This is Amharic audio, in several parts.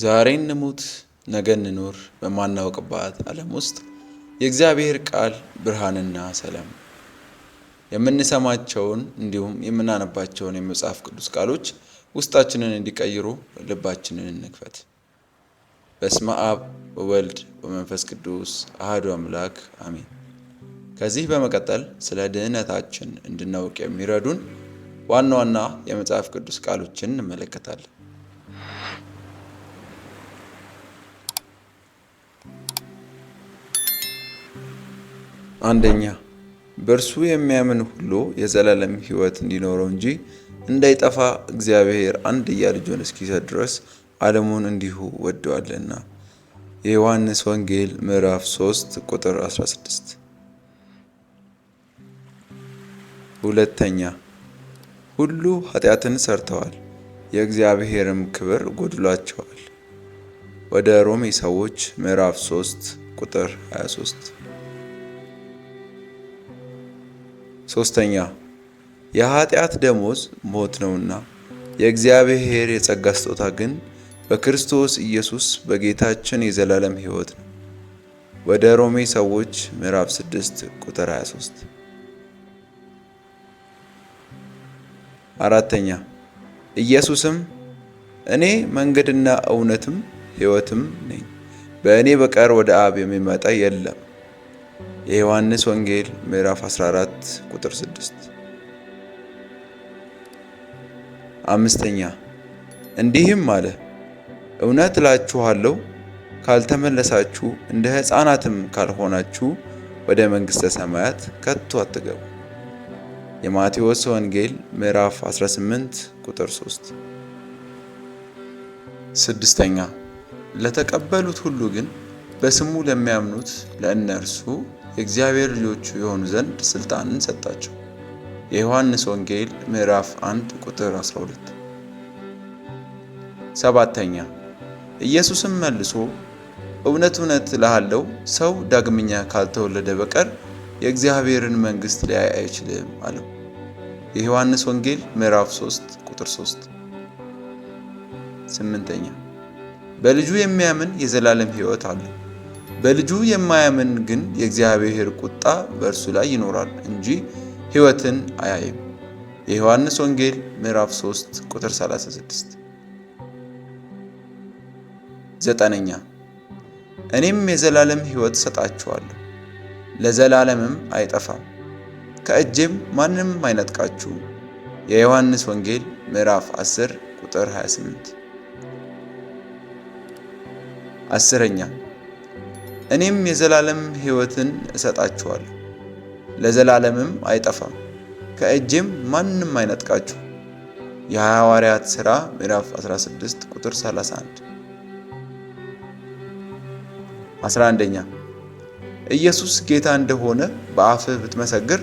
ዛሬ እንሙት ነገ እንኑር በማናውቅባት ዓለም ውስጥ የእግዚአብሔር ቃል ብርሃንና ሰላም የምንሰማቸውን እንዲሁም የምናነባቸውን የመጽሐፍ ቅዱስ ቃሎች ውስጣችንን እንዲቀይሩ ልባችንን እንክፈት። በስመ አብ ወወልድ ወመንፈስ ቅዱስ አህዱ አምላክ አሜን። ከዚህ በመቀጠል ስለ ድህነታችን እንድናውቅ የሚረዱን ዋና ዋና የመጽሐፍ ቅዱስ ቃሎችን እንመለከታለን። አንደኛ በእርሱ የሚያምን ሁሉ የዘላለም ሕይወት እንዲኖረው እንጂ እንዳይጠፋ እግዚአብሔር አንድያ ልጁን እስኪሰጥ ድረስ ዓለሙን እንዲሁ ወደዋልና። የዮሐንስ ወንጌል ምዕራፍ 3 ቁጥር 16። ሁለተኛ ሁሉ ኃጢአትን ሰርተዋል፣ የእግዚአብሔርም ክብር ጎድሏቸዋል። ወደ ሮሜ ሰዎች ምዕራፍ 3 ቁጥር 23 ሶስተኛ የኃጢአት ደሞዝ ሞት ነውና የእግዚአብሔር የጸጋ ስጦታ ግን በክርስቶስ ኢየሱስ በጌታችን የዘላለም ሕይወት ነው። ወደ ሮሜ ሰዎች ምዕራፍ 6 ቁጥር 23። አራተኛ ኢየሱስም እኔ መንገድና እውነትም ሕይወትም ነኝ፣ በእኔ በቀር ወደ አብ የሚመጣ የለም የዮሐንስ ወንጌል ምዕራፍ 14 ቁጥር 6። አምስተኛ እንዲህም አለ፣ እውነት እላችኋለሁ ካልተመለሳችሁ እንደ ሕፃናትም ካልሆናችሁ ወደ መንግሥተ ሰማያት ከቶ አትገቡ። የማቴዎስ ወንጌል ምዕራፍ 18 ቁጥር 3። ስድስተኛ ለተቀበሉት ሁሉ ግን በስሙ ለሚያምኑት ለእነርሱ የእግዚአብሔር ልጆቹ የሆኑ ዘንድ ስልጣንን ሰጣቸው። የዮሐንስ ወንጌል ምዕራፍ 1 ቁጥር 12። ሰባተኛ ኢየሱስም መልሶ እውነት እውነት እልሃለሁ ሰው ዳግመኛ ካልተወለደ በቀር የእግዚአብሔርን መንግሥት ሊያይ አይችልም አለው። የዮሐንስ ወንጌል ምዕራፍ 3 ቁጥር 3። ስምንተኛ በልጁ የሚያምን የዘላለም ሕይወት አለው በልጁ የማያምን ግን የእግዚአብሔር ቁጣ በእርሱ ላይ ይኖራል እንጂ ሕይወትን አያይም። የዮሐንስ ወንጌል ምዕራፍ 3 ቁጥር 36። ዘጠነኛ እኔም የዘላለም ሕይወት ሰጣችኋለሁ፣ ለዘላለምም አይጠፋም፣ ከእጄም ማንም አይነጥቃችሁም። የዮሐንስ ወንጌል ምዕራፍ 10 ቁጥር 28። አስረኛ እኔም የዘላለም ሕይወትን እሰጣችኋለሁ፣ ለዘላለምም አይጠፋም፣ ከእጄም ማንም አይነጥቃችሁ። የሐዋርያት ሥራ ምዕራፍ 16 ቁጥር 31። ኢየሱስ ጌታ እንደሆነ በአፍህ ብትመሰግር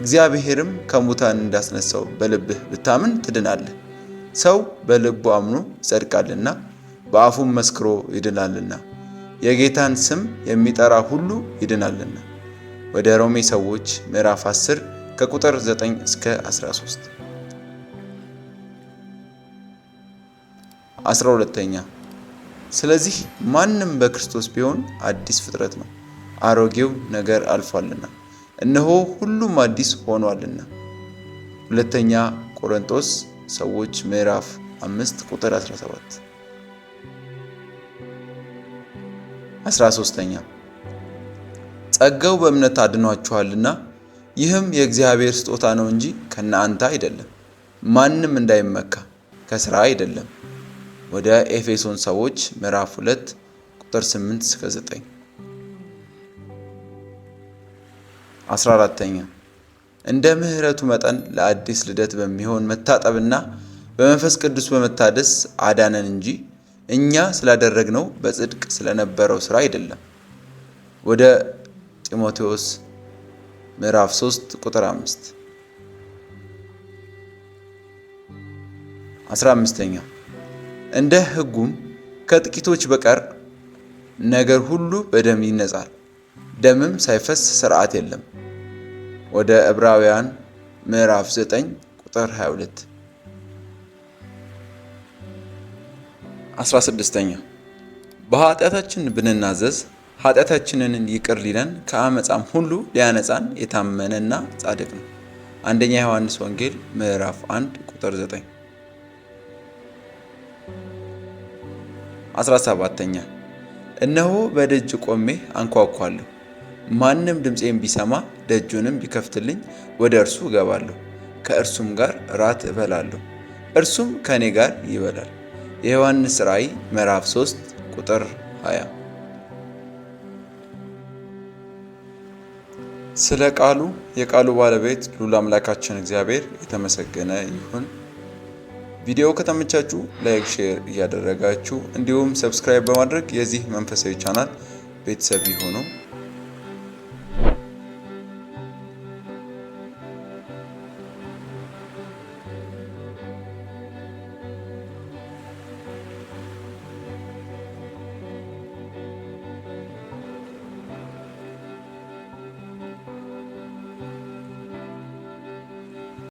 እግዚአብሔርም ከሙታን እንዳስነሳው በልብህ ብታምን ትድናለህ። ሰው በልቡ አምኖ ይጸድቃልና በአፉም መስክሮ ይድናልና። የጌታን ስም የሚጠራ ሁሉ ይድናልና። ወደ ሮሜ ሰዎች ምዕራፍ 10 ከቁጥር 9 እስከ 13። 12ኛ ስለዚህ ማንም በክርስቶስ ቢሆን አዲስ ፍጥረት ነው፣ አሮጌው ነገር አልፏልና እነሆ ሁሉም አዲስ ሆኗልና። ሁለተኛ ቆሮንቶስ ሰዎች ምዕራፍ 5 ቁጥር 17 13ኛ ጸጋው በእምነት አድኗችኋልና ይህም የእግዚአብሔር ስጦታ ነው እንጂ ከእናንተ አይደለም፣ ማንም እንዳይመካ ከስራ አይደለም። ወደ ኤፌሶን ሰዎች ምዕራፍ 2 ቁጥር 8 እስከ 9። 14ኛ እንደ ምሕረቱ መጠን ለአዲስ ልደት በሚሆን መታጠብና በመንፈስ ቅዱስ በመታደስ አዳነን እንጂ እኛ ስላደረግነው በጽድቅ ስለነበረው ስራ አይደለም። ወደ ጢሞቴዎስ ምዕራፍ 3 ቁጥር 5 15ኛ እንደ ሕጉም ከጥቂቶች በቀር ነገር ሁሉ በደም ይነጻል፣ ደምም ሳይፈስ ስርዓት የለም። ወደ ዕብራውያን ምዕራፍ 9 ቁጥር 22 16ኛ በኃጢአታችን ብንናዘዝ ኃጢአታችንን ይቅር ሊለን ከአመፃም ሁሉ ሊያነፃን የታመነና ጻድቅ ነው። አንደኛ ዮሐንስ ወንጌል ምዕራፍ 1 ቁጥር 9። 17ኛ እነሆ በደጅ ቆሜ አንኳኳለሁ። ማንም ድምፄን ቢሰማ ደጁንም ቢከፍትልኝ ወደ እርሱ እገባለሁ፣ ከእርሱም ጋር ራት እበላለሁ፣ እርሱም ከእኔ ጋር ይበላል። የዮሐንስ ራእይ ምዕራፍ 3 ቁጥር 20 ስለ ቃሉ የቃሉ ባለቤት ልዑል አምላካችን እግዚአብሔር የተመሰገነ ይሁን። ቪዲዮ ከተመቻችሁ ላይክ፣ ሼር እያደረጋችሁ እንዲሁም ሰብስክራይብ በማድረግ የዚህ መንፈሳዊ ቻናል ቤተሰብ ይሁኑ።